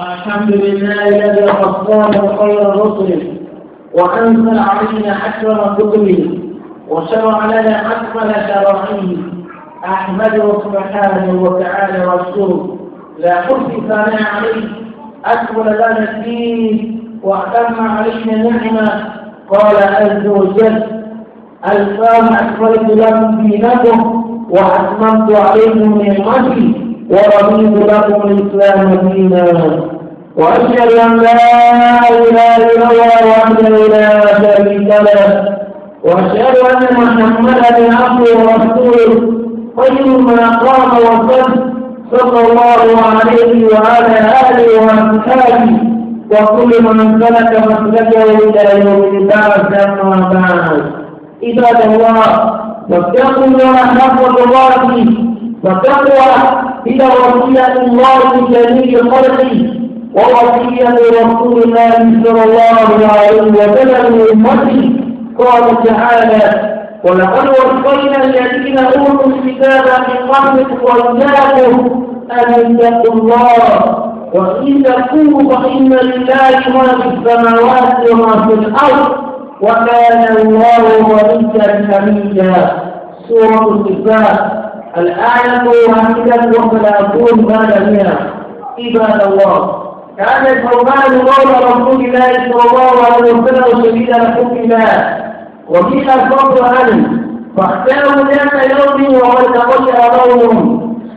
الحمد لله الذي فضلنا خير رسله وانزل علينا اكرم كتبه وشرع لنا اكمل شرائعه احمده سبحانه وتعالى واشكره لا حب ثناء عليه اكمل لنا الدين واتم علينا نعمه قال عز وجل الفام اكملت لكم دينكم واتممت عليكم نعمتي ورضيت لكم الإسلام دينا وأشهد أن لا إله إلا الله وحده لا شريك له وأشهد أن محمدا عبده ورسوله خير من أقام وصدق صلى الله عليه وعلى آله وأصحابه وكل من امتلك مسلكه إلى يوم البعث أما بعد عباد الله واتقوا الله حق تقاته والتقوى هي وصية الله لجميع خلقه ووصية رسول الله صلى الله عليه وسلم لأمته قال تعالى ولقد وصينا الذين أوتوا الكتاب من قبلك وإياكم أن اتقوا الله وإن تكونوا فإن لله ما في السماوات وما في الأرض وكان الله غنيا حميدا سورة الكتاب الآية واحدة أقول مال منها عباد الله كان الحرمان قول رسول الله صلى الله عليه وسلم شديد الحكم الله وفيها الفضل عنه فاختاروا ذات يوم وقد غشى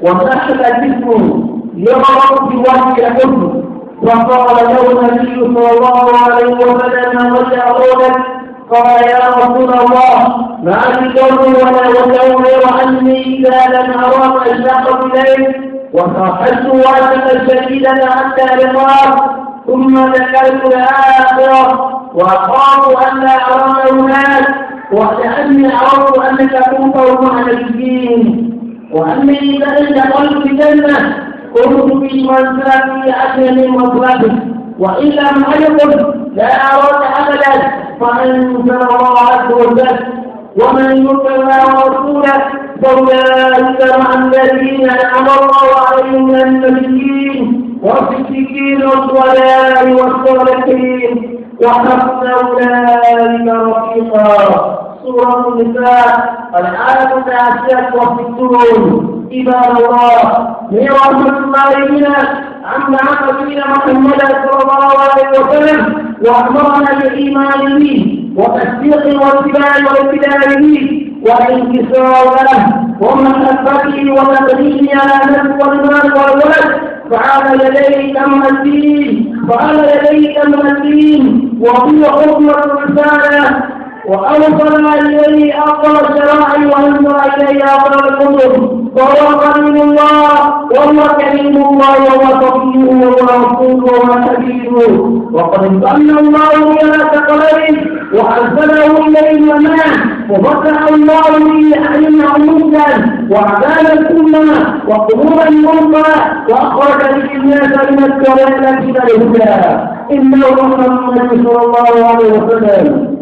وسحب جسمهم يغرق في وجه الحكم وقال له النبي صلى الله عليه وسلم غشى لونك قال يا رسول الله ما من قول ولا يكور عني إذا لم أراك أشتاق إليك وصاحبت وأتت شديدا حتى لقاك ثم ذكرت الآخرة وأخاف أن لا أراك هناك وكأني عرفت أنك كنت مع نبيين وأني إذا انتقلت الجنة كنت في منزلتي أجل من مطلبك وإن لم أيقن لا أراد أبدا فمن كفر عبده ومن يطع الله ورسوله فأولئك مع الذين أنعم الله عليهم من النبيين والصديقين والصلاة والصالحين وحسن أولئك رفيقا سورة النساء الآية العاشرة والستون عباد الله من رحمة الله بنا أن نبينا محمدا صلى الله عليه وسلم وأمرنا بالإيمان به وتصديق واتباع والاقتداء به والانكسار له ومحبته وتقديمه على نفس والمال والولد فعال يديك تم الدين فعال يديك تم الدين وهو حكمة الرسالة وأوصل إليه أفضل الشرائع وأنزل إليه أفضل الكتب وهو قليل الله وهو كريم الله وهو صفيه وهو رسول وهو نبي وقد امتن الله على ثقلين وارسله إلي يمان وفتح الله به علما ملكا وعدانا الامه وقلوبا ملكا واخرج به الناس من الكرامه الى الهدى انه محمد صلى الله عليه وسلم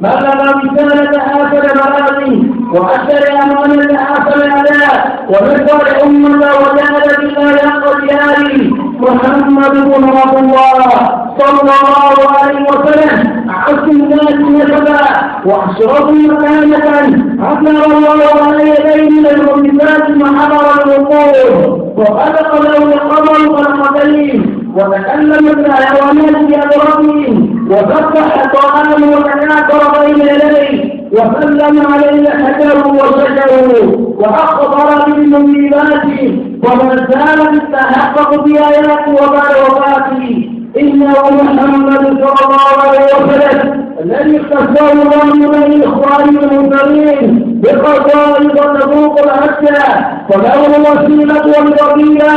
مثل رسالة آخر مراتي وأشر أمانة آخر أداء ومثل أمة وجعل بما يقضي آلي محمد بن عبد الله صلى الله عليه وسلم أعز الناس نسبا وأشرف مكانة عثر الله على يديه من المؤمنات المحضرة وخلق لهم القمر والقمرين وتكلم الحيوانات بأمرهم وفتح طعامه وتناكر بين يديه وسلم عليه حجره وشجره وأخبر بالمنيبات وما زال يتحقق بآياته وبعد وفاته إنه محمد صلى الله عليه وسلم الذي اختفاه الله من إخوانه المنكرين بقصائد تفوق العسى فله الوسيلة والوكيلة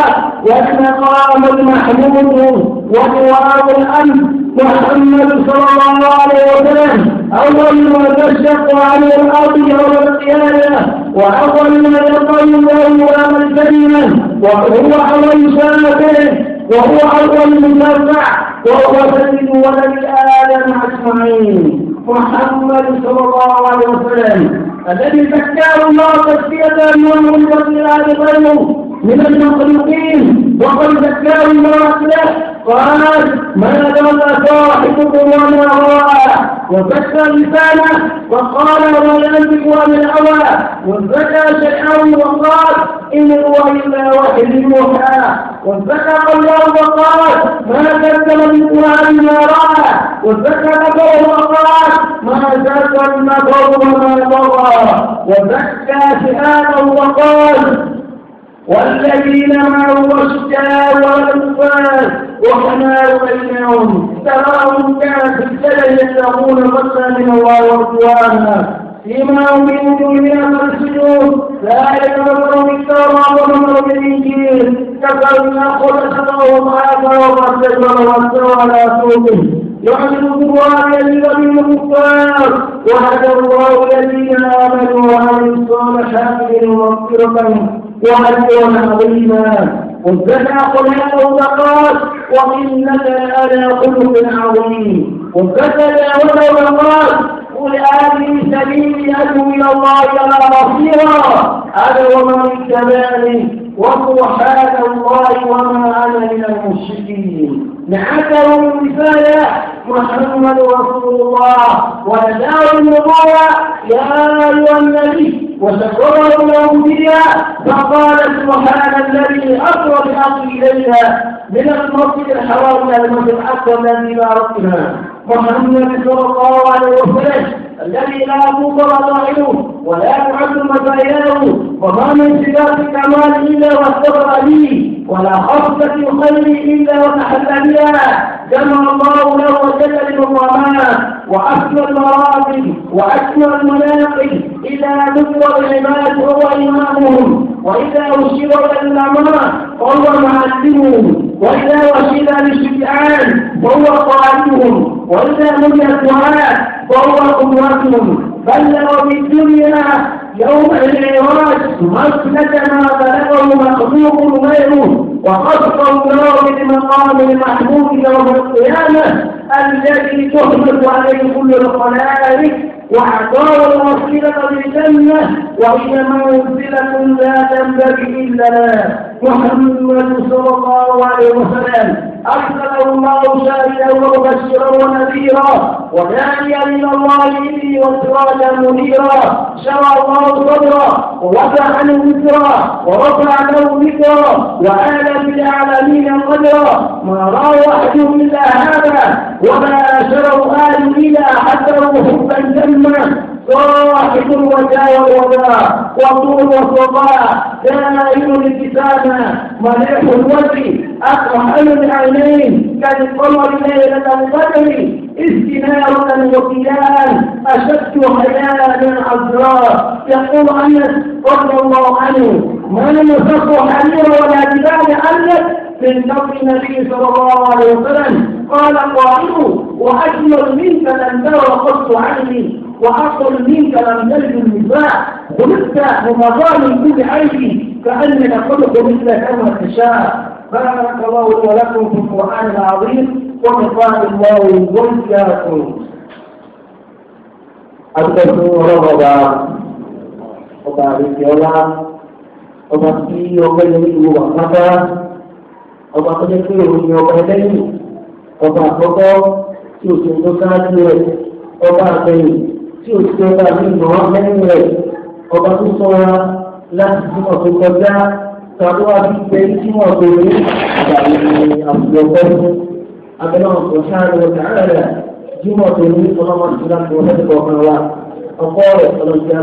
والمقام المحمود ودعاء الأمن محمد صلى الله عليه وسلم أول ما تشق عن الأرض يوم القيامة وأول ما يقيم الله يوم الكلمة وهو أول شافع وهو أول مشفع وهو سيد ولد آدم أجمعين محمد صلى الله عليه وسلم الذي زكاه الله تزكية أموالهم والبلاد غيره من المخلوقين وقد زكاه الله عقله قال ما دام صاحبكم وما راى وزكى لسانه وقال ما ينطق عن الهوى وزكى شيئا وقال ان هو الا وحي يوحى وزكى الله وقال ما كذب قران ما راى وذكر نبوه وقال ما زكى النبو وما طغى وزكى شهاده وقال والذين معه أشجاء والأنفاس وحماء بينهم تراهم كان في الجبل يتقون فضلا من الله ورضوانا فيما هم من وجوههم السجود لا ذلك مثل التوراة ومثل الإنجيل كفر ما خلق الله وما أثر وما استكبر واستوى على سوقه نعمل الله الذي الكفار وهدى الله الذين آمنوا وعملوا الصالحات مغفرة وأجرا عظيما وابتدع قلوبهم وقال وإنك لعلى خلق عظيم وابتدع يوم وقال قل هذه سبيلي أدعو إلى الله على بصيرة أنا من اتبعني وهو الله وما أنا من المشركين نعته الرسالة محمد رسول الله ونزاه النبوة يا أيها النبي وشكره الأنبياء فقال سبحان الذي أسرى بأرض إلينا من المسجد الحرام إلى المسجد الأقصى الذي باركنا محمد صلى الله عليه وسلم الذي لا تنظر ظاهره ولا تعد مزاياه وما من صفات الكمال إلا واستبر به ولا خصلة الخير إلا وتحلى بها جمع الله له وجل المقامات وأسمى المراتب وأسمى المناقب إذا ذكر العباد هو إمامهم وإذا أشير إلى العلماء فهو معلمهم وإذا وشيل للشجعان فهو قائدهم وإذا نجى الدعاء وهو قدوتهم بلغوا في الدنيا يوم العراج مسنة ما بلغه مخلوق غيره وخص الله بالمقام المحمود يوم القيامة الذي تهبط عليه كل الخلائق وعطاء المصيرة بالجنة وهي منزلة لا تنبغي إلا الله محمد صلى الله عليه وسلم أرسله الله شاهدا ومبشرا ونذيرا وداعيا إلى الله به وسراجا منيرا شرع الله صدرا ووسع عنه وزرا ورفع له ذكرا وآل العالمين قدرا ما رأى أحد إلا هذا وباشروا آل إلى حسروا حبا جما صاحب الوجاية والوباء وطول والصباء دائم الابتسامة مليح الوجه أقرحل العينين كالقمر ليلة القدر استنارة وقيان أشد حياة من عذراء يقول أنس رضي الله عنه ما نفخ حرير ولا جبال أنس من نظر النبي صلى الله عليه وسلم قال قائل وأجمل منك لم ترى قط عيني واقل منك لم تجد النساء خلقت ومظالم كل عيني كأنك خلق مثل كما تشاء بارك الله ولكم في القرآن العظيم وكفى الله وإياكم àtúntò ọlọ́gbọ̀dá ọba àrètí ọlá ọba tí ọgbẹ́ni ìwò ọba tó jẹ́ pé òun ni ọba ẹlẹ́yìn ọba àkọ́kọ́ tí o sì ń tó sáájú rẹ̀ ọba àtẹ̀yìn tí o sì ọba mi mọ́ lẹ́yìn rẹ̀ ọba tó sọ́ra láti túmọ̀ tó kọjá tàbí wà bí pé túmọ̀ tó ní àgbàlẹ̀ àwùjọ pẹ́ẹ́lú abẹ́lẹ́ ọ̀sán sáré ọ̀tá rẹ̀ túmọ̀ tó ní ọlọ́mọ ìṣúná tó lẹ́nu kọ̀ọ̀kan wa ọkọ rẹ̀ ọlọ́mọ ìṣúná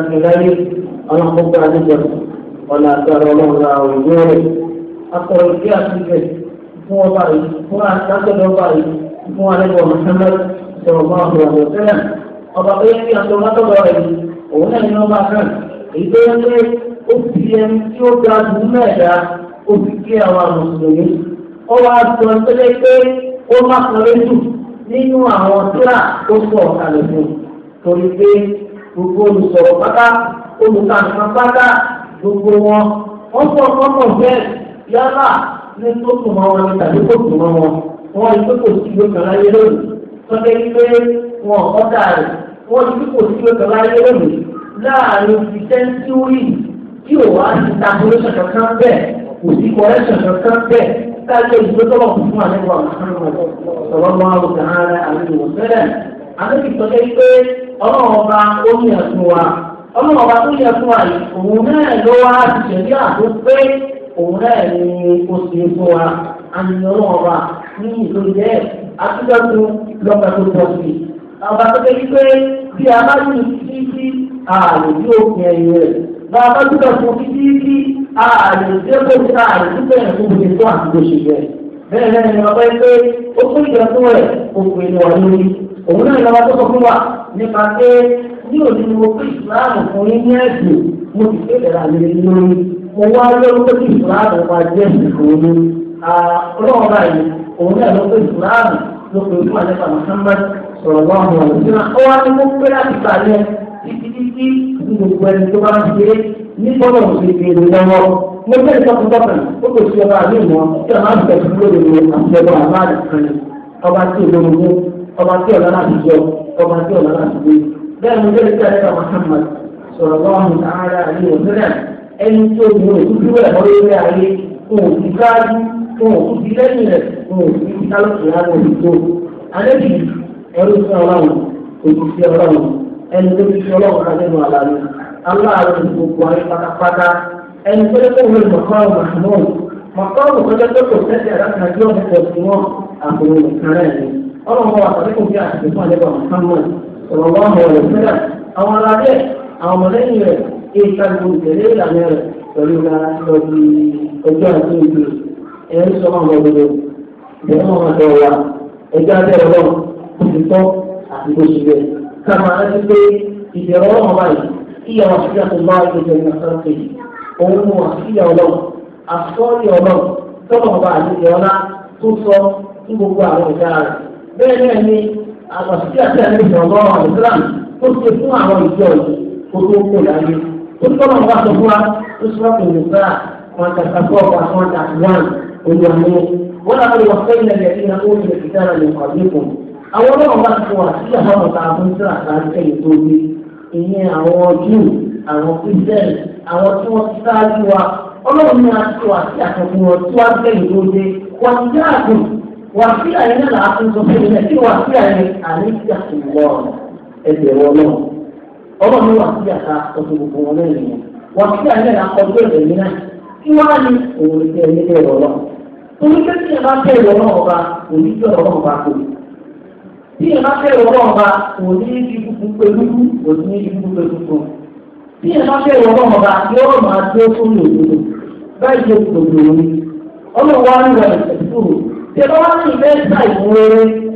tó lẹ́nu ọlọ́mọ atọ̀rọ̀ ìgbé àti ibẹ̀ fún ọba yìí fún àtàkọ́dọ̀ ọba yìí fún alẹ́bọ̀ mọ̀sánlẹ̀ sọ̀rọ̀ máa bọ̀ ọ̀rọ̀ sẹ́lẹ̀ ọba tó yẹ kí àtọ̀ látọ̀dọ̀ rẹ̀ yìí òun náà ní ọba kan èyí tó yẹ pé ó fi ẹni tí ó ga jù mẹ́ẹ̀dá ó fi kí àwọn àmọ̀sùnmí ọba àtọ̀ tẹ́lẹ̀ pé ó má kan lójú nínú àwọn tíra tó sọ ọ̀kalẹ̀ fún torí pé gbogbo olùsọ̀rọ̀ pátá olùkàǹkan pátá gbogbo wọn wọ́n sọ ọkọ̀ bẹ́ẹ̀ yálà ní tó tún mọ́ wọn tàbí kò tún mọ́ wọn wọn yìí kò sí ìwé kan láyé lónìí tọ́lẹ̀ ilé wọn ọ̀dà rẹ̀ wọn yìí kò sí ìwé kan láyé lónìí láàrin ti sẹ́ńtúrì tí ò wá ti tabuléṣọ̀ kankan bẹ́ẹ̀ kò sí kọ́rẹ́ṣọ̀ kankan bẹ́ẹ̀ kájọ ìgbésọ̀rọ̀ fún àlejò àwọn ọ̀sọ̀rọ̀ máa ń gbà ara àlejò òṣèlè àlejò tọ́lẹ̀ ilé ọlọ́run ọba ó ní ọba tó yìí òun náà ló wá ti ṣẹ̀dí àtúnpé òun náà ni ó ṣe fún wa àníyàn ọba ní ìlú jẹ́ àtúndọ́tún lọ́gbà tó pọ̀ sí i. àwọn bàbá tó pé bí a bá ní títí ààrẹ yóò fi ẹ̀yìn rẹ̀ bá a bá túbọ̀ fún títí ààrẹ yóò fi ààrẹ tó bẹ̀rẹ̀ fún mi tó àtúntò ṣe bẹ̀rẹ̀ bẹ́ẹ̀ náà ni ọba ẹgbẹ́ ó fún ìjọsìn rẹ̀ òkú ìlú ọ̀hún lórí òun náà lọ́wọ́ tó sọ fún wa nípa pé ní òní mo fi ìsìláàmù fún yín ní mo wá lórí pé kí ìsìláàmù máa jẹ́ ìṣòro ọlọ́run báyìí òun náà ló pé ìsìláàmù ló pé fún àlẹ́fà Muhammad sọ̀rọ̀ wá mọ̀ ọ́n síra ó wá ní mo pé láti bàlẹ̀ títí títí ní gbogbo ẹni tó bá ń ṣe ní bọ́lọ̀ òṣèlú lọ́wọ́ mo fẹ́ ìtọ́kùntọ́kùn ó kò sí ọba àmì ìmọ̀ tí a máa ń bẹ̀rù lórí àtẹ̀wọ̀ àbáàdì kan ọba tí olómogún ọba tí ọ̀la láti jọ ọba tí ọ̀la láti gbé bẹ́ẹ̀ mo fẹ́ ìtọ́kùntọ́kùn Muhammad sọ̀rọ̀ lọ́wọ́ mi ẹni tí o ní òkú dúró ẹ̀mọ́ lórí ayé fún òkú káájú fún òkú ti lẹ́yìn rẹ̀ fún òkú ti kálọ̀tì lára òkú tó. Àlejò ẹ̀rú sí ọlọ́run òkú sí ọlọ́run ẹni tó fi ọlọ́run ká nínú àlá mi. Aláàárọ̀ ní gbogbo ayé pátápátá ẹni tó lé fún òun mọ̀kọ́rọ̀ màmúù mọ̀kọ́rọ̀ tó lé tó tẹ̀sẹ̀ àdákàjọ́ ọ̀pọ̀ sí wọn àbòrò ìkàrẹ̀ ni. Ọlọ́run wà pàdé kò bí àṣìṣe fún àlẹ́ bàbá Sámúẹ̀. Ọ̀rọ̀ wọn àwọn ọ̀rẹ́ sílẹ̀ àwọn alábẹ́ àwọn ọmọlẹ́yìn rẹ̀ kí n ká gbogbo ìtẹ̀lé ìlànà rẹ̀ pẹ̀lú ìlànà lọ sí ọjọ́ àti ìlú ẹ̀ ń sọ máa gbogbo ìyẹn máa ma tọ̀ wá ẹjọ́ abẹ́ ọ̀rọ̀ kò sì tọ́ àti kò sì bẹ̀. ká máa rántí pé ìbẹ̀rẹ̀ ọ̀rọ̀ báyìí ìyá wa sí àti máa ń gbèsè ní ọ̀sán pé òun mú wa sí ìyá ọlọ́run àsọ́ọ̀lì ọlọ́run tọ́lọ̀ ọba àlejò ọlá tó sọ ní gbogbo àwọn ìdá rẹ̀ bẹ́ẹ̀ náà ni àwọn sí àti àlejò ọlọ́run àdúrà tó ṣe fún àwọn ìjọ yìí kó tó kó láyé olùkọ́nà wa sọ fún wa ó sọ fún mi sáà wọn ta sàkó ọkọ àwọn ta wọn olùwà ní wọn làwọn ìwà fẹ́ ilẹ̀ yẹn ní àwọn olùkọ́ ti dára ní ọ̀dẹ́kùn àwọn ọlọ́run bá fún wa sí àwọn ọ̀tá àwọn tí wàá sáré kẹ́yìn tó gbé ìyẹn àwọn jù àwọn kristian àwọn tí wọ́n ti sáájú wa ọlọ́run ní aṣọ àti àtọ̀kùn wọn tí wàá kẹ́yìn tó gbé wọ́n ti dáàbò wàá sí àyẹ̀lẹ́ làá fún sọ fún ilẹ̀ tí wàá sí àyẹ̀ àní ọlọ́run ní wàsíyà ká ọdún gbogbo wọn lẹ́yìn wọn wàsíyà lẹ́yìn akọ́jú ẹ̀rẹ̀ yìí náà kí wọ́n ní òun ní ẹni bẹ́ẹ̀ lọ́wọ́ torí pé tí ẹ bá bẹ́ẹ̀ lọ́wọ́ ọba òní jọ ọ̀rọ̀ ọba kò tí ẹ bá bẹ́ẹ̀ lọ́wọ́ ọba òní ibi kúkú pẹ̀lú òní ibi kúkú pẹ̀lú kan tí ẹ bá bẹ́ẹ̀ lọ́wọ́ ọba yóò máa dé fún mi òdodo báyìí ṣe kò lòun ọlọ́wọ́ á ń lọ ẹ̀sẹ̀ fún wá ní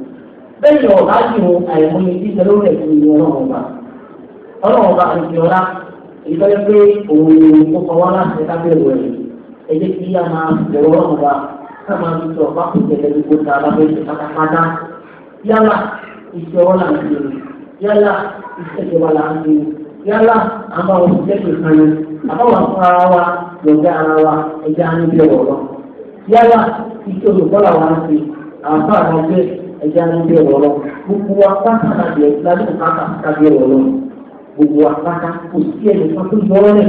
bẹ́ẹ̀ yọ̀ bá ti wo àìmọye títẹ lórí ẹ̀sìn ìlú ọlọ́run ọba ọlọ́run ọba àti ọlá ìtọ́jú pé òun kò fọwọ́ láti ká bẹ̀rù ẹ̀ ẹ jẹ́ kí a máa bẹ̀rù ọlọ́run ọba ká máa fi sọ ọ̀pá kùtẹ̀ lẹ́nu kó ta alábẹ́ ìṣe pátápátá yálà iṣẹ́ ọlá ń ṣe yálà iṣẹ́ ìjọba là ń ṣe yálà àbá òṣìṣẹ́ kìkan ni àbáwọ̀ fún ara wa lọ́gá ara wa ẹja ní bẹ̀rù ọ̀rọ̀ yálà iṣẹ́ olùkọ́ làwọn ń àbá àgbẹ̀ ẹja ń bẹ ọ̀rọ̀ gbogbo wa pátá àti ẹ̀ka ló pátá kábí ọ̀rọ̀ gbogbo wa pátá kò sí ẹ̀mí kan tó yọ ọ́rẹ́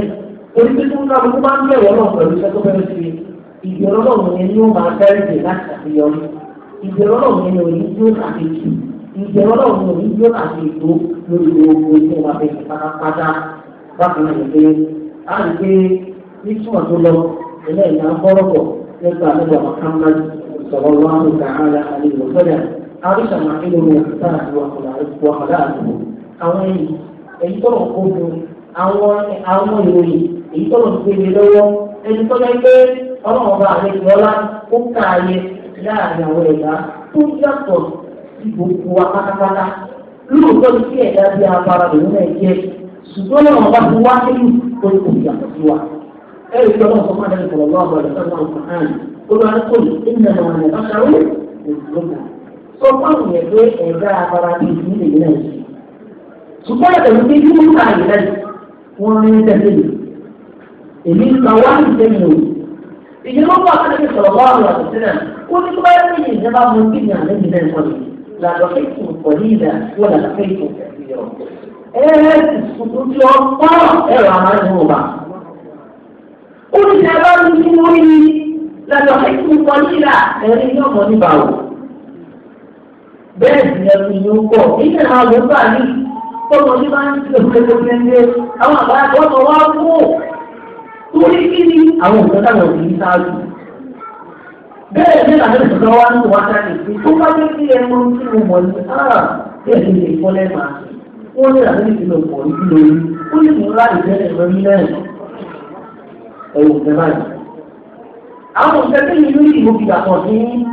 orí pé tó ń ká gbogbo máa ń bẹ̀rẹ̀ ọ̀rọ̀ pẹ̀lú iṣẹ́ tó fẹ́ẹ́ ṣe ìbẹ̀rẹ̀ ọlọ́run yẹn ni ó máa bẹ́rẹ̀ dè láti àṣeyọrí ìbẹ̀rẹ̀ ọlọ́run yẹn ni òní yóò tàbí jù ìbẹ̀rẹ̀ ọlọ́run yẹn òní yóò tàbí ètò lórí gbogbo iṣẹ́ wa fẹ́ pátápátá bákan náà pé a lè pé nítumọ̀ tó lọ ẹlẹ́yìn náà bọ́rọ̀ bọ̀ nípa nígbà mọ̀ká àrùsà máa ń lò táàbù wàhálàbù àwọn èyí èyí tó lọ kókó àwọn àwọn ìròyìn èyí tó lọ gbélé lọ́wọ́ ẹni tó lọ pé ọlọ́run bá àlẹ́ ìrọ́lá ó káàyè láàrin àwọn ẹ̀dá tó yàtọ̀ sí gbogbo wa pátápátá lóòótọ́ ni kí ẹ̀dá bí abara lòun náà jẹ́ ṣùgbọ́n ọlọ́run bá ti wá nínú tó kò yàtọ̀ sí wa. ẹ̀rí sọ fún àwọn ẹgbẹ́ ẹ̀dá abara bíi ìdílé yìí náà ṣùgbọ́n ẹ̀dá wípé bí wọ́n kà yìí náà wọ́n rí tẹ́lẹ̀ lò èmi kan wá ní tẹ́lẹ̀ lò ìjọba wà fún ẹgbẹ́ sọ̀rọ̀ wá àwọn àtúntì náà ó ní kúbá ẹgbẹ́ yìí ìjọba mú kí ní àlẹ́ yìí náà wọ́n làdọ̀ fẹ́ẹ̀kù pọ̀lì ìdá wọ́n làdọ̀ fẹ́ẹ̀kù ẹ̀ẹ́dì tuntun ọ̀pọ̀ ẹ̀rọ amáyéwòba ó ní ìjọba mú kí wọ́n rí làdọ̀ fẹ́ẹ̀kù pọ̀lì ìdá ẹ̀rí yọ̀mọ̀ níbàwọ̀. bẹ́ẹ̀ sì ni ẹ̀sùn yìí ń pọ̀ nínú àwọn olùgbà yìí tọ́mọ ní máa ń ṣe òkèèrè kẹ́ńdé àwọn àbáyá tọ́mọ wá mú torí kí ni àwọn òṣèlú àwọn òbí sáájú. bẹ́ẹ̀ ní ìṣòro ń wá tó bá dé sí tí mo mọ̀ ní ah, bẹ́ẹ̀ ni lè fọ́ lẹ́nu àti wọ́n ní ìṣòro pọ̀ ní lórí ó lè mú láì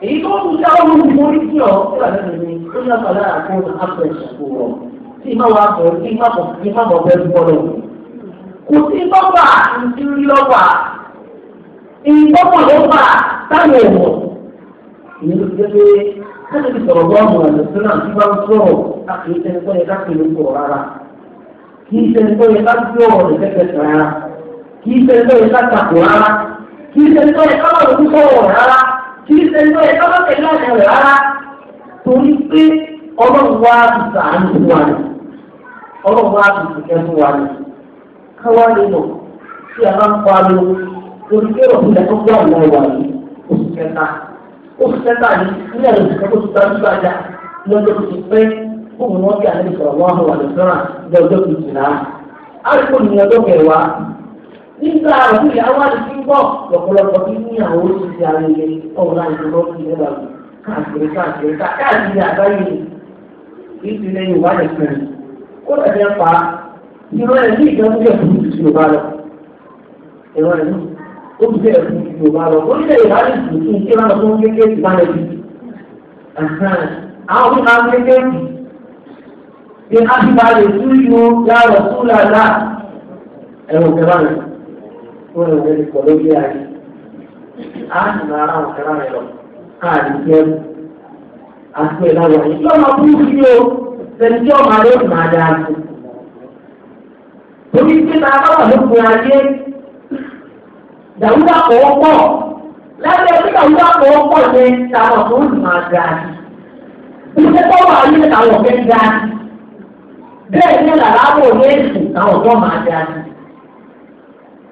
èyí tó kù sáà wọn mú orí sí ọ tí wà lẹ́nu mi ó ní ọ̀sán lára fún apẹ̀ ìṣàkóso tí má wà bọ̀ tí má bọ̀ tí má bọ̀ bẹ́ẹ̀ bọ́lọ̀ kò sí bọ́bà nítorí lọ́wà ìbọ́bà lọ́wà táwọn èèmọ̀ ìyẹn ló jẹ́ pé káṣí ti sọ̀rọ̀ bọ́ ọmọ ẹ̀lẹ́ tó tí bá ń sọ̀rọ̀ láti ṣe ń pẹ́yẹ káṣíló rárá kì í ṣe ń pẹ́yẹ ọ̀rọ̀ rárá kì í ṣe ń pẹ́yẹ káṣàkó rárá kì í ṣe ń pẹ́yẹ káṣàkó rárá kì í ṣe ló ẹjọ́ tó tẹ̀lé àjẹ rẹ̀ rárá torí pé ọlọ́run wá àbùsà àánú fún wa ni ọlọ́run wá àbùsà kẹ́ fún wa ni káwá lè lọ sí àwọn pariwo torí pé ọ̀sùn ẹ̀kọ́ gbọ́ àwọn ìwà yìí oṣù kẹta oṣù kẹta yìí nílẹ̀ oṣù kẹta oṣù kẹta oṣù kẹta lọ́jọ́ tó ti pẹ́ fún wọn kí àlejò sọ̀rọ̀ àwọn àlejò náà lọ́jọ́ tó ti nà á. àìkú nígbà àwọn ìyàwó àti bọ̀ lọ́pọ̀lọpọ̀ tí ní àwọn oṣìṣẹ́ ayẹyẹ ọ̀la ìdúró sí ẹ̀rọ káàkiri káàkiri káàkiri àgbáyé ìdí lẹ́yìn ìwádìí kan kó lẹ́yìn pa ìrọ̀ ẹ̀ ní ìjọba ìjọba ìlú ti Yorùbá lọ ìrọ̀ ẹ̀ ní ó ti bẹ̀rẹ̀ fún Yorùbá lọ orílẹ̀ Yorùbá lè sùn kí n kí wọn lọ fún kékeré ti bá lọ bí àwọn tó máa ń kékeré bí a ti bá lè sún yóò yára sún làlá ẹ̀rọ kẹfà rẹ̀. wọn ò lè pọ̀ lórí ayé a ara máa ra àwọn káàdì jẹun àti ẹ̀dá wọ̀nyí tí o tẹ̀lé tí ọmọ rẹ̀ ó máa dáa sí. torí pé ta bá wà ayé lábẹ́ ṣe máa sí. iṣẹ́ tó wà ní sí. bẹ́ẹ̀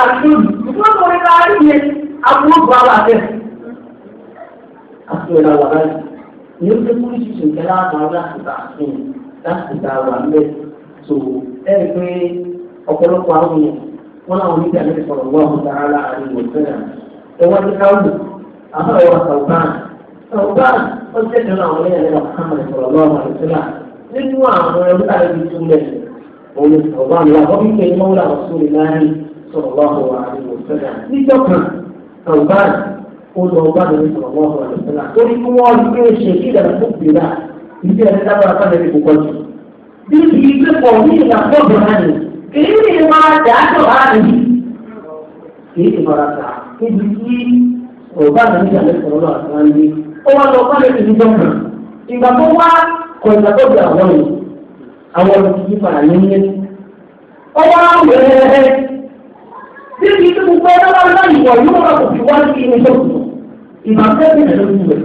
الجود يقول لك عارفين أقول بابا ده أقول له sọ̀rọ̀ lọ́wọ́ wa ní òṣèlú níjọ́ kan tàwùbáà ó lọ bá lórí sọ̀rọ̀ lọ́wọ́ wa lọ́sẹ̀lá torí kí wọ́n níbi tí gbogbo ẹgbẹ́ bá láyé wọ̀ yóò rà kò fi wá sí ilé lóòótọ́ ìmọ̀ àfẹ́ bẹ̀rẹ̀ ló wù rẹ̀.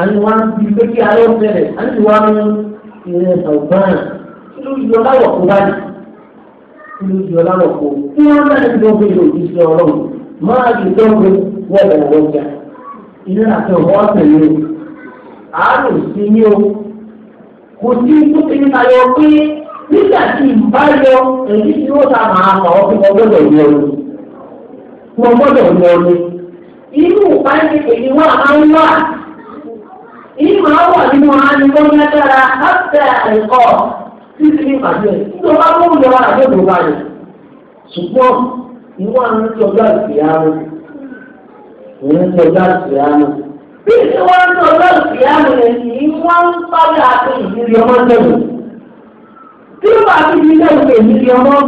àní wá ti pé kí alẹ́ bẹ̀rẹ̀ àní wá ń ìrìn ọ̀gbọ́n kí ló yọ láwọ̀ kó bá yìí kí ló yọ láwọ̀ kó kí wọ́n bá ní gbogbo ìlú òjì sí ọlọ́run máa yìí dọ́gbẹ́ wọ́ọ̀dà lọ́jà ilé àti ọ̀gbọ́n ọ̀tẹ̀lẹ́ o àárò sí ní o kò sí tó nígbà tí ìbá yọ èyí tí ó ta màá mọ̀ ọ́ fún ọgbọ́dọ̀ ní ọdún fún ọgbọ́dọ̀ ní ọdún inú ìpàdé èyí wà máa ń wà èyí máa wà nínú àánúkọ́ ní agbára láti ẹ̀kọ́ títí ní ìpàdé ṣùgbọ́n ìwọ àwọn bí tí ó bá fi ilé òkè mi yọ mọ́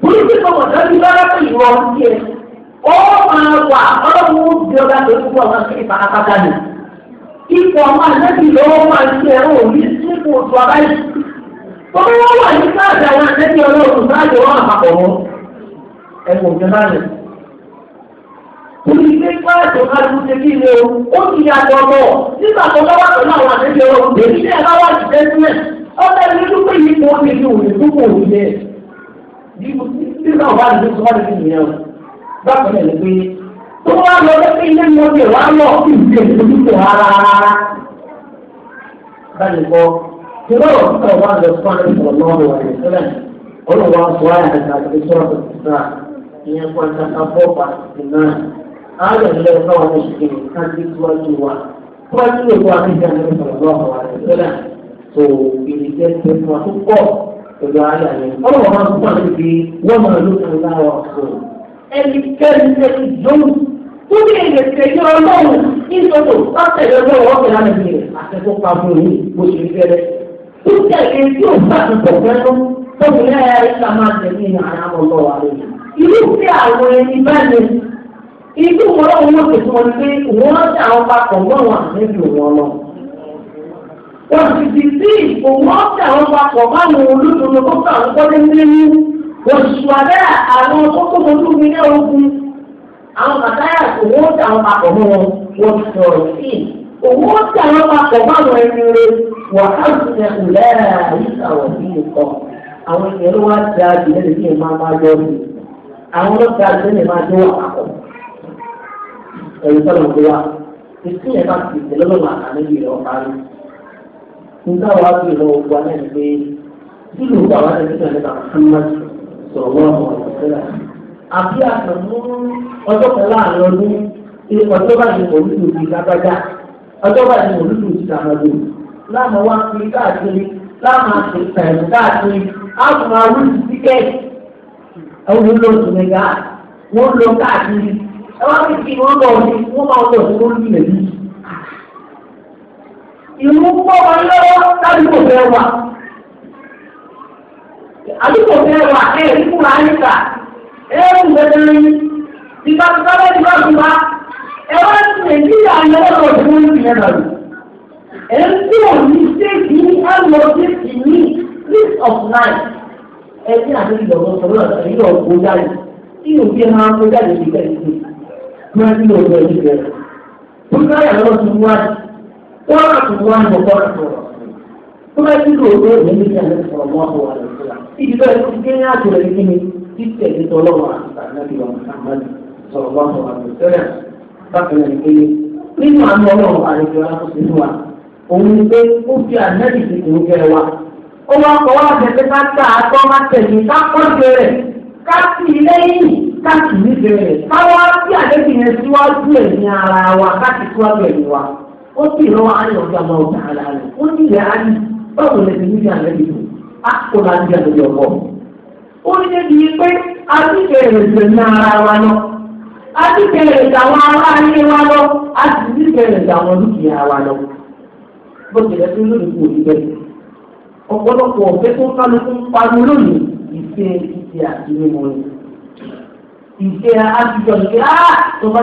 polisi kò mọ̀ lọ́dún lọ́dún pé ìwọ ń tiẹ̀ ó máa wà ọlọ́run ó di ọ̀gá tó ti wọ̀ wọn sí ìfarapátá ni ipò ọmọ àlẹ́bí ló máa ṣe ẹ̀rọ òní nípò oṣù abáyé tọ́lú wọn wà ní káàdì àwọn àlẹ́bí ọlọ́run sáàjọ wọn àpapọ̀ wọn ẹ̀kọ́ ìjọba rẹ̀ polisi káàdì ọ̀gájú ṣe kí ni o ó ti yàtọ̀ ọmọ nígbà tó lọ́wọ́ pẹ̀lú àwọn àlẹ́bí ọlọ́run ọ̀dà ìlú pé yìí kò ní òní tó kò ní lẹ̀ bí náà wà ní sọ́wọ́ ní ìlú yẹn bákan náà ni pé tó wá lọ lọ́pẹ́ ilé mi ọ̀dẹ̀ tó rárá lọ sí ọ̀wá lọ sí ọ̀dẹ̀ sọ̀rọ̀ lọ́wọ́ wà ní sílẹ̀ olùwà sọ àyà àti sọ̀rọ̀ sísá ìyẹn kọ́ ẹ̀ka ká bọ́ọ̀pà sí náà. ààrẹ ilé ọ̀sán wọn ní ṣùgbọ́n ká tó ìdíjẹ́ tó ń wá tó pọ̀ pẹ̀lú ayé àyè ọlọ́wọ́ máa ń fún àwọn ibi wọ́n máa ló kan lára ọ̀sùn ẹnikẹ́ni ẹni dóhùn tó ní èdè tẹ̀lé ọlọ́run nítorí látẹ̀lé ọlọ́run ọ̀sẹ̀ láti fi àtẹ̀kọ́ pa fún yìí bó ṣe fẹ́rẹ́ tó tẹ̀lé tí ò bá ti pọ̀ fẹ́rẹ́ tó fi lẹ́yà ẹ̀ka máa tẹ̀lé ní àyàmọ̀ lọ́wọ́ àlẹ́ ìlú tí àwọn ẹni báyìí ìlú wọn lọ́wọ́ wọn kò sọ pé wọ́n ti àwọn papọ̀ mọ́ àwọn àmẹ́bí wọn lọ́wọ́ òṣìṣì tí òun ọ̀tẹ̀ àwọn papọ̀ báwọn olódodo tó fà ń kọ́lé nínú oṣù abẹ́rẹ́ àwọn kókó mojú mi ní ogun àwọn bàtáyà òun ọ̀tẹ̀ àwọn papọ̀ mọ́ wọn wọ́n ti sọ̀rọ̀ sí i òun ọ̀tẹ̀ àwọn papọ̀ báwọn ẹni rẹ wọ́n á sì ṣe ìlẹ́ àyíká wọ̀ sí nìkan àwọn ènìyàn ló wá ti àjù lẹ́nu kí n máa máa jọ bí àwọn ọlọ́pàá àjù lẹ́nu máa jọ àpapọ̀ ẹ̀yìn tọ́lọ̀ tó wà ìsìn yẹn bá ti tẹ̀lé lọ́wọ́ àtàlẹ́yìn rẹ̀ ọ̀ nígbà wà á bèrè lọ́wọ́ wa náà pé bí ló bá wà á tẹ̀sí ẹ̀ka Muhammad sọ̀rọ̀ wọn mọ̀ ọ̀sẹ̀lá. àbí àtàmú ọjọ́ kan láàrin ọdún ọjọ́ báyìí kò nílò ti lágbájá ọjọ́ báyìí kò nílò ti tàmàdù láàmú wá sí káàkiri láàmú àti ìtàn káàkiri àwọn arúgbó tíkẹ́ẹ̀tì àwọn olóòtú mẹ́ta wọ́n lọ káàkiri ẹ wá fi kí wọ́n bọ̀ ní wọ́n máa bọ̀ sí wọ́n lù lẹ́yìn ìmúpọ̀ wọn lọ́wọ́ ládùúgbò fẹ́ wà. àdúgbò fẹ́ wà ẹ̀ fúnra níta ẹ̀ ń gbẹdẹrẹ ìgbà tó sábẹ́ ìgbà tó wá ẹ wá sí nàìjíríà ní ọlọ́dọ̀ tó ń fi ẹ̀rọ rẹ̀. ẹ̀ ń tí ò ní ṣéèkì ní ẹ̀rọ ṣéèkì ní peace of nine, ẹ ti àti ìdọ̀gbọ́ sọ̀rọ̀ àti ìdọ̀gbọ́ jáde ni òbí ẹ máa ń kó jáde nígbà ìgbà. máa ń ní ọ̀gbọ́n ìgbà. ó ká wọ́n á tún wá ní ọ̀pọ̀ àtọ̀. tó bá ti lò ó ní ní ìyàwó sọ̀rọ̀ mọ́ àwọn àlùfáà. ibi bẹ́ẹ̀ ti gé ní àjọ rẹ̀ nínú títẹ̀ ní tọ́lọ́wọ́ àti sọ̀rọ̀ mọ́ àwọn àlùfáà. bákan náà ni pé nínú àmì ọlọ́run àlejò alákòóso inú wa òun ni pé ó fi ànẹ́bì sí kò ń gẹ̀rẹ̀ wa. ó wá kọ́ wá bẹ̀rẹ̀ ká gbà lẹ́yìn ká sì ní bẹ̀rẹ̀ ká síwájú ẹ̀yìn ara wa ká síwájú ẹ̀yìn wa. ó sì lọ́wọ́ anya ọ̀gá ọmọ ọ̀gá ara rẹ̀ ó ní ilẹ̀ ayé báwo lè fi níbi àlẹ́ yìí á kó náà ní àlejò ọ̀pọ̀. ó ní débi pé adíkẹ̀rẹ̀ ṣe ní ara wa lọ adíkẹ̀rẹ̀ ṣàwọn ará ayé wa lọ adíkẹ̀rẹ̀ ṣàwọn dúkìá wa lọ. bó tilẹ̀ tó lónìí kò rí bẹ́ẹ̀ ọ̀pọ̀lọpọ̀ ọ̀fẹ́ tó kálukú parí lónìí àtijọ́ ah, tó bá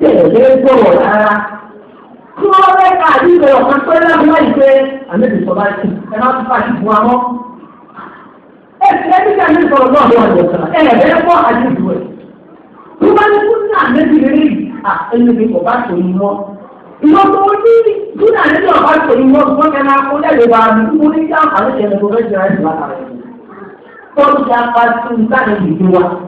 Tẹ̀lé gbọ̀rọ̀ rárá. Kí wọ́n fẹ́ ká àdúgbò ọ̀kan pé lábúlá ìgbé àmẹ́bí sọ̀rọ̀ àti ẹ máa tún fàájì fún wa mọ́. Ẹ ti ẹbí ká àmẹ́bí sọ̀rọ̀ náà lọ́wọ́ àjọ sọ̀rọ̀. Ẹ ẹ̀rẹ́ fọ́ àdúgbò ẹ̀. Tó bá ní fún ní àmẹ́bí rere yìí, à ẹni mi kò bá tò ní mọ́. Ìwọ tó o ní fún àmẹ́bí ọ̀bá tò ní mọ́ fún ẹ máa kún lẹ́yìn wa ní fún ní ká àmẹ́bí ẹ̀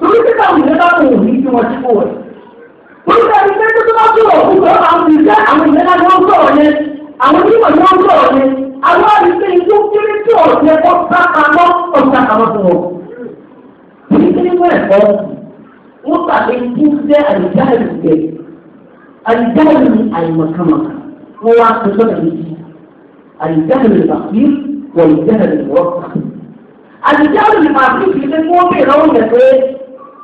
torí títà òṣìṣẹ́ bá wù ní tí wọ́n ti kó wẹ̀. torí títà òṣìṣẹ́ tó tó bá tó wọ̀ fún ọ àwọn ìṣẹ́ àwọn ìṣẹ́ náà ni wọ́n sọ̀rọ̀ yẹn àwọn onímọ̀ ni wọ́n sọ̀rọ̀ yẹn àwọn àìsẹ́ ìṣó kéré tí ọ̀sẹ̀ kọ́ sákàmọ́ ọ̀sákàmọ́ fún wọn. torí kí ni wọ́n ẹ̀kọ́ wọ́n pàdé kí ń jẹ́ àìjáàlù jẹ àìjáàlù ni àìmọ̀kàmọ̀kà wọ́n wá tó sọ́nà méjì àìjáàlù ìbàkúrí wọ̀ àìjáàlù ìwọ́pàá àìjáàlù ìbàkúrí kì í ṣe kí wọ́n bèèrè lọ́wọ́ yẹn pé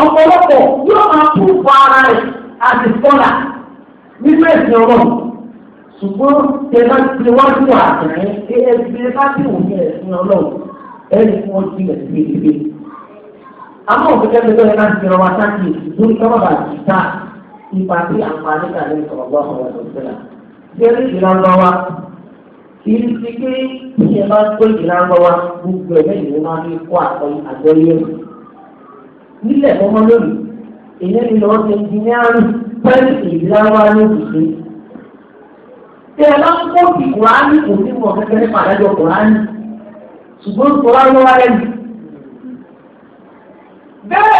ọ̀pọ̀lọpọ̀ yóò máa tún fa ara rẹ̀ àti fọ́là nínú ẹ̀sìn ọ̀rọ̀ ṣùgbọ́n tẹ̀lá ti wájú àtẹ̀rẹ́ kí ẹgbẹ́ bá ti wù ní ẹ̀sìn ọlọ́run ẹni fún ọdún ilẹ̀ sí ìdílé. àmọ́ òkúta gbẹgbẹ́ yẹn láti rọra sáàkì lórí sábàbà jìtá ipa tí àǹfààní kàlẹ́ ìsọ̀rọ̀gbọ́ ọ̀rọ̀ ìṣẹ̀lẹ̀. Bẹ́ẹ̀ni ìlànà wa kì í ti pé ìṣẹ̀lá tó ìlànà wa gbogbo ẹ̀mẹ́ ìlú máa ń kó àgbọ̀yé nílẹ̀ mọ́mọ́ lónìí èyàn ni lọ́wọ́ ṣe ẹnjìnírìn pẹ́ẹ́lí ìlàwá lóṣìṣẹ́. tí ẹ bá ń kó ti kùránì kò ní mọ̀ kẹ́kẹ́ nípa àdájọ kùránì ṣùgbọ́n kùránì ló wá lẹ́nu. bẹ́ẹ̀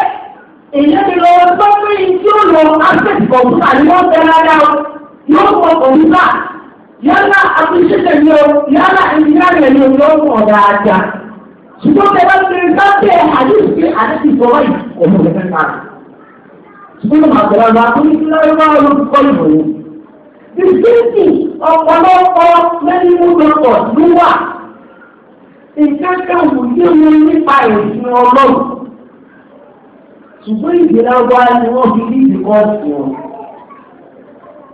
èyàn ni lọ́wọ́ tó ń rí tí ó lọ aspect kọ̀ǹpútà ni wọ́n fẹ́ lára o yóò kọ kọ̀ǹpútà yálà àtúnṣe tẹ̀lé o yálà ẹnjìnírìn ẹ̀yọ́ yóò mọ̀ dáadáa ṣùgbọ́n bẹ́ẹ̀ bá ti bá bẹ́ẹ̀ àdéhùn pé àdéhùn ìfọwọ́ yìí òun ò lè fẹ́ máa. ṣùgbọ́n màá tẹ̀lé ọba tó ní kí lọ́wọ́ máa ló kọ́ ìbò yìí. bìsíìsì ọ̀pọ̀lọpọ̀ lẹ́yìn múlọ́pọ̀ ló wà. nǹkan kan kò yé mi nípa ìrìn ọlọ́run. ṣùgbọ́n ìgbéra wa ni wọ́n fi ní ìdíkọ́ọ̀sì wọn.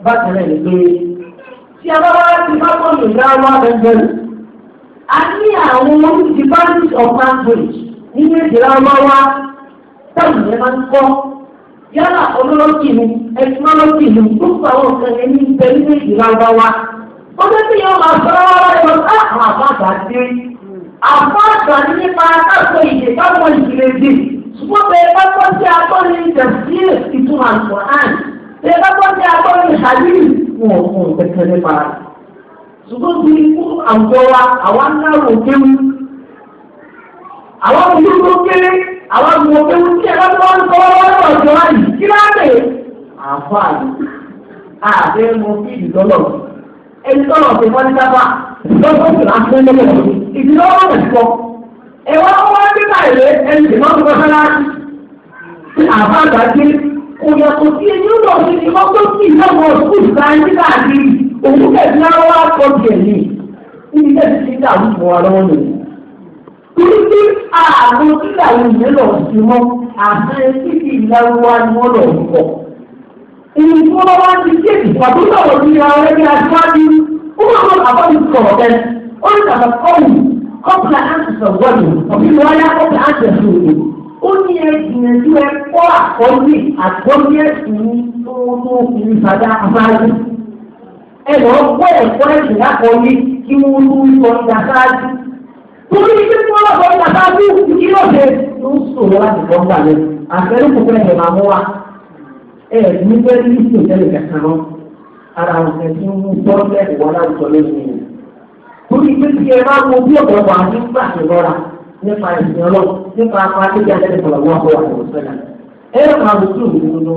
bákan náà ni pé tí a bá wá ti bá kọ́ a ní àwọn department of language nínú èdè ọlọ́wà táwọn yẹn máa ń kọ́ yálà ọlọ́lọ́kì ni ẹ̀kúnọ́lọ́kì ni gbogbo àwọn nǹkan yẹn ní ìbẹ̀ nínú èdè ọlọ́wà. ó ní kí yẹn máa sọ ọ́ ẹ̀rọ ah, táwọn àbáàgbà dé àbáàgbà nípa káàkó ìdè káwọn ìdílé dé ṣùgbọ́n bẹ́ẹ̀ bá gbọ́ sí akọ́ni ìdẹ̀sílẹ̀ ìtumọ̀ àǹfọ̀án bẹ́ẹ̀ bá gbọ́ sí akọ́ni ìhàlí wọn ò fún ìpẹ́kẹ́lẹ́ para ṣùgbọ́n bí ikú àwùjọ wa àwa ń dárò kéwú àwa ń dúró kéré àwa ń wọ kéwú kí ẹ̀rọ tó ń kọ́ lọ́wọ́ ọ̀jọ́ ayì kí láàbè àfààní àbẹ́ mo fi ìdọ́lọ̀ ẹni tọ́lọ̀ ti wọ́n ní sábà lọ́sọ̀ tó láti fún ẹgbẹ́ wọn ìdílé wọn rẹ̀ kọ́ ẹ wá wọ́n ní báyìí ẹni tí wọ́n kọ́ sára sí àbá àgbà dé kò yẹ kò sí ẹni ó lọ sí ìmọ́tò sí ìlànà ọ̀sùn ìgbà ẹni káàkiri òun kẹ̀sí náà wá kọ́ tiẹ̀ ní ibi kẹ̀sí ti dàrú mọ́ ara wọn nìyí. torí pé ààrùn títà ìyẹn lọ sí mọ́ àtẹ̀yẹ títí ìlàwọ́ ni wọ́n lọ kọ́. èyí tí wọ́n wá ti ṣe ìpàdé sọ̀rọ̀ sí ara rẹ̀ ní aṣáájú ó máa wọ́n àbá mi sọ̀rọ̀ bẹ́ẹ̀ ó ní kàkà kọ́wù kọ́pìlà àti sọ̀wọ́ọ̀nù ọ̀bí mi wáyà kọ́pìlà àti ẹ̀sùn òde ó ní ẹ̀gbìyànjú ẹ̀kọ́ àkọ́lé àkọ́lé ẹ̀sìn tó tó fi padà abáyé ẹ lọ gbọ́ ẹ̀kọ́ ẹ̀sìn lápọ̀ yìí kí wọ́n lù ú sọ ní àkáàdì. torí kí wọ́n lọ sọ ní àkáàdì kí ló dé ló ń sòrò láti gbọ́ gbà lẹ́nu àfẹ́rí kò fẹ́ ẹ̀ máa mú wa ẹ̀ ní bẹ́ẹ̀ ní ìsìn ìtẹ́lẹ̀ kẹta náà ara òfin tí wọ́n tọ́ lẹ́nu wọn láwùjọ lónìí ni. torí pé kí ẹ máa mú bí ọ̀pọ̀lọpọ̀ àti nígbà tó lọ́ra nípa ìsìn ọlọ́run nípa apá akéde àtẹ́lẹ̀kọ̀lọ̀ wọn kọ́ àtẹ̀wọ̀sẹ́lẹ̀ ẹ̀rọ máa lò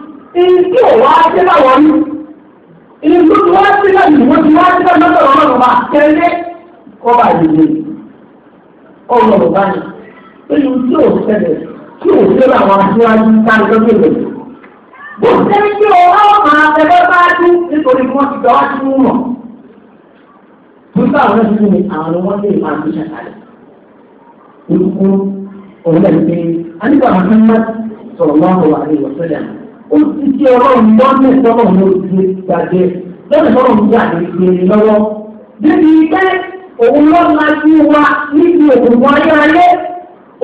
ìdí òwò ajé báwọn ní ìlú tí wọ́n ti náà ìlú tí wọ́n ti náà lọ́sọ̀rọ̀ ọlọ́run máa tẹ̀lé kọ́ba ìdílé ọlọ́run báyìí pẹ̀lú tí ò ṣẹlẹ̀ tí ò ṣẹlẹ̀ àwọn aṣíwájú sáré lọ́sẹ̀ lẹ̀. bó ṣe ń gbé ọwọ́ máa tẹ̀lé bá dé nítorí wọ́n ti gbà wá sí mímọ̀. tó sáwọn náà ti ní àwọn wọn lè máa fi ṣàkàlẹ̀. olùkọ́ ọ̀rẹ́ mi pé a máa ń má sọ̀rọ̀ ó ti di ọlọ́run lọ́nà ìtọ́nà ló ti gbàgbé lọ́nà ìtọ́nà ló yà ní ìrìn lọ́wọ́. Bíbi pé òun ló máa ti wá níbi òkùnkùn ayérayé,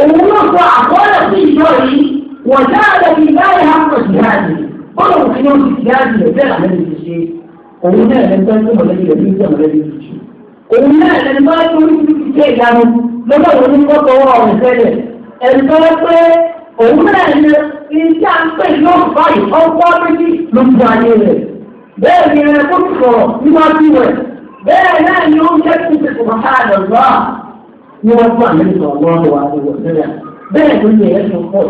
òun ló sọ àkọọ́lẹ̀ sí ìjọ yìí, wọ́n já àlẹ́ bíi báyìí á pọ̀ sí àjì. Bọ́lá òfin náà ti di àjì rẹ̀ bẹ́ẹ̀ àlẹ́ ti ṣe. Òun náà lẹ́nu tó ń mọ̀lẹ́bí rẹ̀ bí ń rẹ̀ jù. Òun náà lẹ́nu tó ń tó ń tó ṣe ìyanu lọ́dọ̀ òun ní kọ́kọ́ ọ̀rẹ́ fẹ́lẹ̀. Ẹ̀rí ìjà ń pè yóò báyìí ọkọ méjì ló ń gba ayé rẹ̀ bẹ́ẹ̀ ni ẹ̀rẹ́ kó ti sọ̀rọ̀ níwájú rẹ̀ bẹ́ẹ̀ náà ni ó ń jẹ́ kí ṣe kòmọ̀ ká lọ lọ́ à ní wọ́n fún àmì ìsọ̀ ọlọ́run wa àti wọ̀sẹ̀rẹ̀ bẹ́ẹ̀ ló ní ẹ̀rẹ́ sọ pọ̀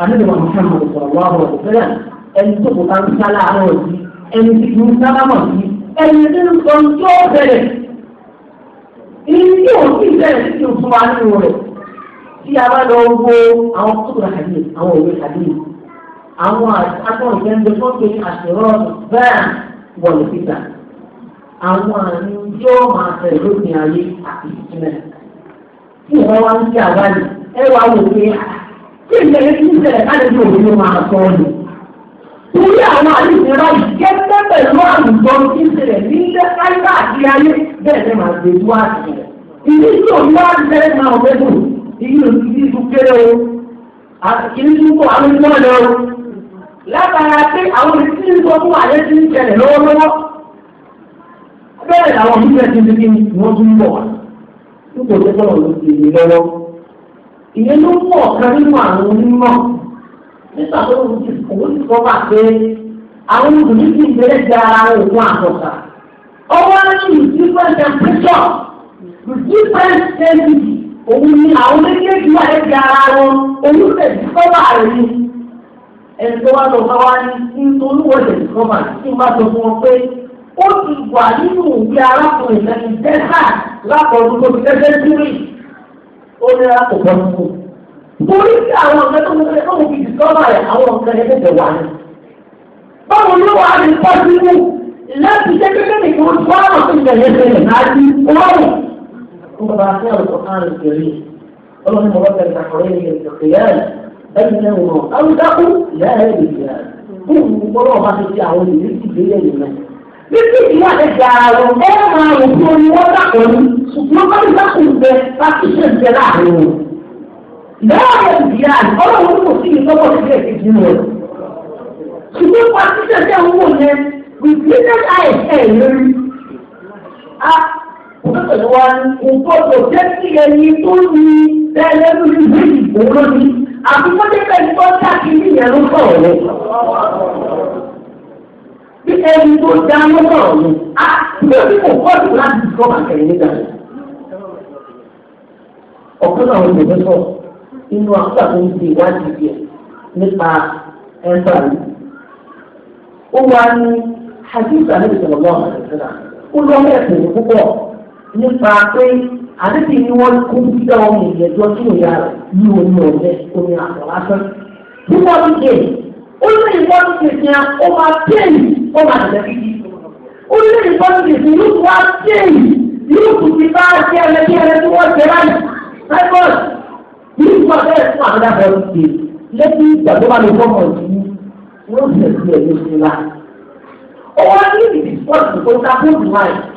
àmì ìwà muhammed sọ̀rọ̀ wà wọ̀sẹ̀rẹ̀ ẹni tó kò ká ń sálá ẹni tó bẹ̀rẹ̀ tí a bá lọ wo àwọn kókò àdìyẹ àwọn òwe àdìyẹ àwọn akọ̀rọ̀ ìgbẹ́ndé tó ń pè ní àṣírọ́ bẹ́ẹ̀ wọ̀lú pípa àwọn àmì yóò máa tẹ̀lé lópin ayé àti ìtumẹ̀. tí ìwọ wá ń ṣe àbálẹ̀ ẹ wá wò pé kí ìṣẹ̀lẹ̀ kí ìṣẹ̀lẹ̀ ká lè fi òun ló máa sọ ọ́ nù. torí àwọn àlejò báyìí gẹ́gẹ́ pẹ̀lú àwùjọ tí ìṣẹ̀lẹ̀ nílẹ̀ káyọ̀ àti ayé bẹ́ẹ̀ ni màá gbèjú àtìlẹ̀. ìdí tí òun wá ń tẹ́lẹ̀ máa wẹ́dùn ìyí ò ti dìbò kéré o kìí tún kó àwọn ìgbọ́n lọ o látara pé àwọn ìdílé ń sọ fún àyè tí ń ṣẹlẹ̀ lọ́wọ́lọ́wọ́ bẹ́ẹ̀ làwọn ìgbẹ́ ti di kí wọ́n tún bọ̀ wá nítorí pé wọ́n ló ti yìn lọ́wọ́ ìyẹn ló pọ̀ kan nínú àwọn onímọ̀ nígbà tó ń ti òun ti kọ́ bá pé àwọn ìdùnnú ti ń bẹ̀rẹ̀ di ara òun àtọ̀kà ọwọ́ ní ìdífẹ́ òun ni àwọn méjèèjì wà lẹ́bi ara wọn òun lè fi kọ́bà rẹ̀ ni. ẹni tó wá lọ bá wá ní nítorí wọ́n lè fi kọ́bà tí wọ́n bá sọ fún wọn pé ó ti wà nínú ìwé arákùnrin lẹ́yìn tẹ́sà lápọ̀ọ́dún tó fi tẹ́sẹ̀ sírí ó ní arákùnrin kan fún un torí sí àwọn ọ̀gá tó ń gbé tó ń fi ìsọ́mà rẹ̀ àwọn ọ̀gá ẹ̀ tẹ̀tẹ̀ wà ní. báwo ló wà ní pọ́sibú láti jẹ́ kékeré nìkan tó wà ní ìgbẹ̀yẹsẹ̀ rẹ̀ náà sí ọlọ́run. مباشرة القرآن الكريم اللهم رب البحرين التقيان بينهما أوثق لا يبيان كل مرة في الشعور يجي بينهما Bíbí ìyá ẹ̀dá àrùn ẹ máa rò fún orí wọn dàpọ̀ ní ṣùgbọ́n wọ́n ń dákun bẹ láti ṣe ìjẹ láàrin wọn. Lọ́wọ́ ìdíyà ọlọ́run kò sí ìtọ́wọ́ sílẹ̀ kejì rẹ̀. Ṣùgbọ́n pàṣípẹ̀ tẹ̀ ń wò yẹn, with business eye ẹ̀ Òṣèlú wa ní nǹkan tó jẹ́ ẹni tó ní ẹlẹ́ lórí bíi òun ló ní. Àfi tó jẹ́ pẹ̀lú tó káàkiri ìyẹn ló sọ̀rọ̀ lọ. Bí ẹni tó dá ló sọ̀rọ̀ lọ, a bí òbí kò kọ́ọ̀tù láti kọ́ àkẹ́yìn níta. Ọ̀kan náà ló lè sọ inú àkókò tó ń ìwádìí díẹ̀ nípa ẹ̀ńtọ́ àná. Ó wá ní Hadith Àlejò Sọ̀rọ̀ lọ́wọ́ àti Sọ̀rọ̀. Ó lọ́wọ́ ẹ̀sìn púpọ̀ nípa pé àdébí ni wọ́n kú dídá ọmọ ìyẹ̀jọ́ tí ò yára ní omi ọ̀lẹ́ omi àpọ̀ lásán. bí wọ́n ti dé ó lé ìwọ́n ti dè sí ọ máa tẹ̀lé ọ máa tẹ̀lé kíkí. ó lé ìwọ́n ti dè sí yóò tún wá tẹ̀lé yóò tún ti bá ṣe ẹlẹ́bí ẹlẹ́bí wọ́n ṣe láyé. láìpọ́s yóò tún wá bẹ́ẹ̀ fún àbúdá bẹ́ẹ̀ ó ti dé lẹ́yìn ìgbà tó bá lè fọ́mọ̀ yìí wọ́n ṣẹ̀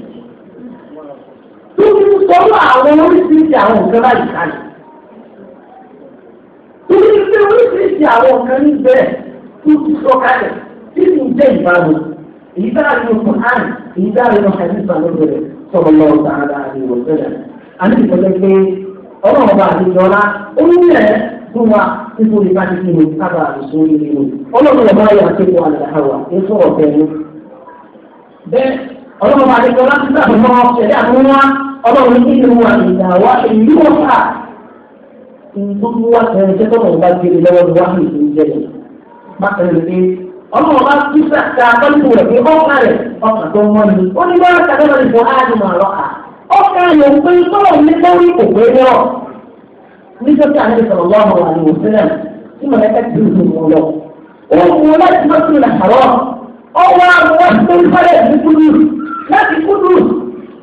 ìfọwọ́ àwọn oríṣiríṣi àwọn nǹkan báyìí kalẹ̀. Torí pé oríṣiríṣi àwọn nǹkan ní bẹ́ẹ̀ tó ti sọ kalẹ̀ tí kì í jẹ́ Èyí èyí sọ̀rọ̀ lọ ìwọ̀ sẹ́lẹ̀. pé ọlọ́run bá àti fún wa Ọlọ́run ọlọ́run ní irun àmìnà wa ìlú ọ̀tá ìdúró wa tẹ̀lé tẹ́tọ́ náà bá gbé lọ́wọ́ ní wáhìn ìlú jẹ́lẹ̀ má tẹ̀lé pé ọlọ́run bá tún sàkà pẹ́lú rẹ̀ pé ọ̀ka rẹ̀ ọ̀ka tó mọ́ ni ó ní bára kàdé lọ́dún fún áàdùn àlọ́ka ọ̀ka rẹ̀ ń pé tọ́lọ̀ ní lórí òwe náà nítorí àlejò sọ̀rọ̀ wọ́n àwọn àwọn òṣèlè tí mo lẹ́kẹ́ tí o mú lọ. ó wù ú láti mọ́tò ìlàkàrọ̀ ọwọ́ àwọn wọ́n ti tó ń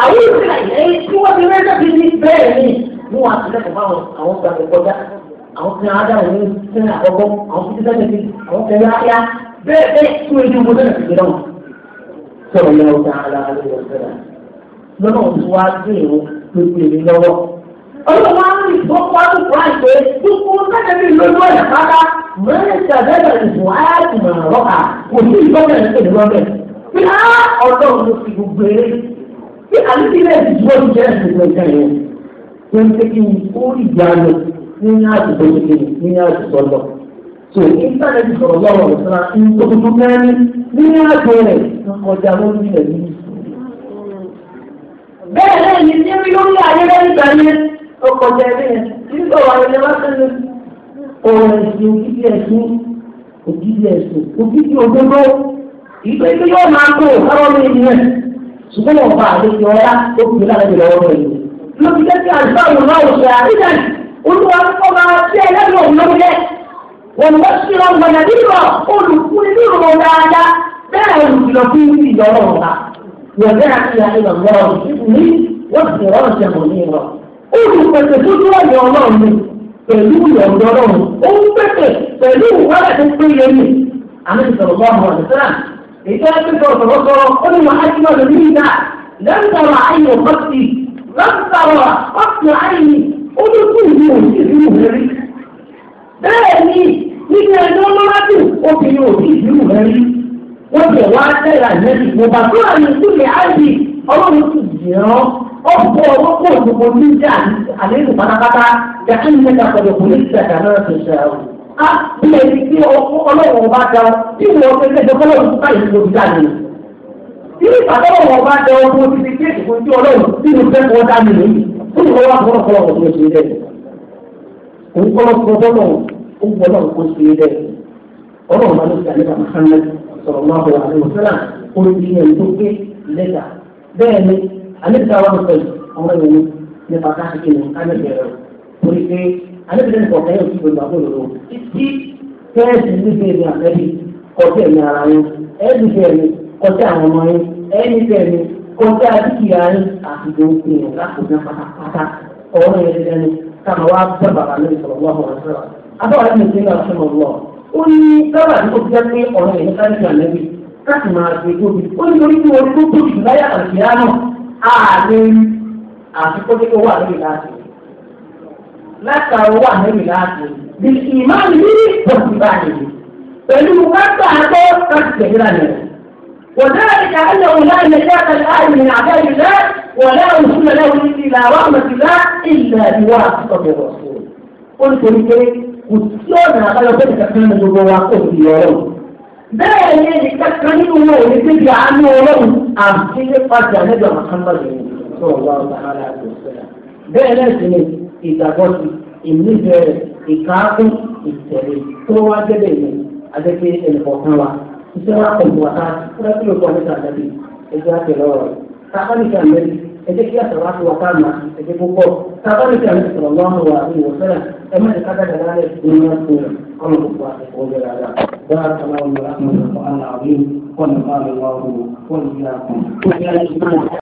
àwọn ìsìn ẹni tí wọ́n ti rẹ́jọ́ ti ní bẹ́ẹ̀ ni wọ́n wá sílẹ̀ kọ́ fáwọn àwọn gba kò kọjá àwọn fi hàn ádámù ní sẹ́yìn àkọ́kọ́ àwọn fi sẹ́yìn ti àwọn fẹ́ yáyá bẹ́ẹ̀ bẹ́ẹ̀ tí wọ́n ti mú sẹ́yìn ti gbẹ̀dọ̀ sọ̀rọ̀ yẹn ọ̀gá aláàlú ọ̀sẹ̀rẹ̀ lọ́nà òtún wá dé ìwọ tó ti èmi lọ́wọ́ ọlọ́run wá ń rìn fún wá ń fún àìpé gbogbo sẹ́yìn mi lójú ọ̀nà pátá mẹ́rẹ̀ẹ́sì àbẹ́rẹ́ ìfún ayáàtì mọ̀ràn rọ́kà kò sí ìgbọ́n Bí àlùfíà ti dúró ti jẹ́ ẹ̀sìn ìgbà yẹn, wọ́n ti kí ni ó ìgbà lọ ní àdúgbò kékeré ní àdúgbò lọ. So ìtàlẹ̀ ti sọ̀rọ̀ lọ́wọ́ ìsọ̀rọ̀ àti ìtòkùtù mẹ́rin ní àgbò rẹ̀ kọjá lórí rẹ̀ ní bẹ́ẹ̀ náà ní ní rí lórí ayé lẹ́yìn ìgbà yẹn ọkọ̀ jẹ́ bẹ́ẹ̀ nígbà wà ní ẹ̀rọ sẹ́nu ọ̀rọ̀ ẹ̀sìn ògidì ẹ̀sìn ògidì ẹ̀sìn ògidì òdodo ìgbésí yóò máa tó ọ̀rọ̀ mi nìyẹn ṣùgbọ́n wọn bá àlejò ọlá tó kù náà lẹ́yìn lọ́wọ́ rẹ̀ yìí. lóbi jẹ́ kí àlùfáà yóò máa wò ṣe àríyàn olúwa kọ́ máa tẹ́ ẹ lẹ́nu òun lórí ẹ̀. wọn wọ́n wọ́n ti rọ̀ ọ̀sẹ̀ mọ̀ pẹ̀lú ìyọ̀ndọ̀ ọlọ́run ó pẹ̀lú ìwádìí tó péye ní àmì ìsọ̀rọ̀ bọ́ọ̀mù ọ̀dẹ̀ sẹ́lá إذا كنت وتوصل قل وأجمل منا لم ترى عين خطي لم ترى خط عيني قل كله يجريه لي bẹ́ẹ̀ni nínú ẹjọ́ lọ́wọ́dù obìnrin òbí ìlú rẹ̀ rí wọ́n jẹ̀ wá tẹ̀lé àìlẹ́bí ìjọba tó á bí ẹni tí ọlọ́run bá da ọ bí wọ́n ṣe ṣe ìjọba ọlọ́run bá yìí lóbi dání. Ibi ìpàdánwò wọn bá da ọmọ ti fi kéèkì fún tí ọlọ́run tí mo fẹ́ fọwọ́ dání lóyún. Fún ìwọ wà fún ọkọ ọkọ tó ṣe dẹ. Òun kọ́ lọ fún ọlọ́run ó ń bọ́lọ̀ kó ṣe dẹ. Ọlọ́run bá ló ṣe àlẹ́ bàbá Mohammed sọ̀rọ̀ máa bọ̀ àlẹ́ òṣèlá oríṣi ẹ̀ tó gbé lẹ́tà. Bẹ́ẹ̀ ni, àlẹ́ ìta wa ló pẹ̀lú ọmọ ìwé nípa káàkiri ní àdébìlẹ̀ nìkan kan yóò tún gbogbo àbúrò lọ. Tí fẹ́ẹ̀sì níbi èmi àtẹ́bí kọjá ẹ̀mí ara yín, ẹ̀ẹ́dì fẹ́ẹ̀mí kọjá àwọn ọmọ yín, ẹ̀ẹ́dì fẹ́ẹ̀mí kọjá dúkìá yín àti gbogbo èèyàn lákòókò pátápátá ọ̀rọ̀ yẹn ti dẹnu káma wá bẹ́ bàbá lórí sọ̀rọ̀ wá wọn sọ̀rọ̀. Àbáwá ti ṣe náà ṣe mọ̀ wọ́. Ó ní kábà tó ti jẹ́ pé ọ̀rọ̀ yẹn ká nígbà lẹ́bi láti máa ṣe tóbi. Ó ní orí tí orí tó tóbi láyà àti ìyá náà àlè àti kọ́jọ́ tó wà lórí láti. látàrí wà níbi láti bí ìmáàlì yìí bọ̀sùn báyìí pẹ̀lú kápá àgbọ̀ láti tẹ̀lé lánàá. وذلك أنه لا نجاة الآن من أعداء الله ولا وصول له إلى رحمة الله إلا بواسطة الرسول. قلت لكي kùtìlọ́nà àbáyọ̀pẹ̀ kankan ní gbogbo wa kò sí ọlọ́run. bẹ́ẹ̀ ni ẹni kankan nínú wọn ò ní sí ibi àánú ọlọ́run àti nípasẹ̀ àlejò àmàkánbá lè sọ̀rọ̀ wa ọ̀tá ara àti òṣèlú. bẹ́ẹ̀ náà sì ni ìgbàgbọ́sí ìmúfẹ́rẹ̀ ìkáàkùn ìtẹ̀lé tó wá jẹ́bẹ̀ yẹn àjẹpẹ́ ẹnìkọ̀ọ̀kan wa iṣẹ́ wa pẹ̀lú wàtá fúnra kí ló kọ́ nípa àjẹpẹ́ ẹjọ́ àtẹ̀lẹ́ ọ̀rọ̀ tábàlìkà mẹ́rin ẹjẹ́ kí àtàwọn àti wàtá mà ẹjẹ́ púpọ̀ tábàlìkà mẹ́rin sọ̀rọ̀ lọ́wọ́ wa àti ìwọ̀sẹ̀rẹ̀ ẹ má ti kájà dára rẹ̀ ní wọn fún un kọ́nà gbogbo àtẹ̀kọ́ bẹ̀rẹ̀ àdá dára kọ́nà wọn lọ́wọ́ àwọn ọmọ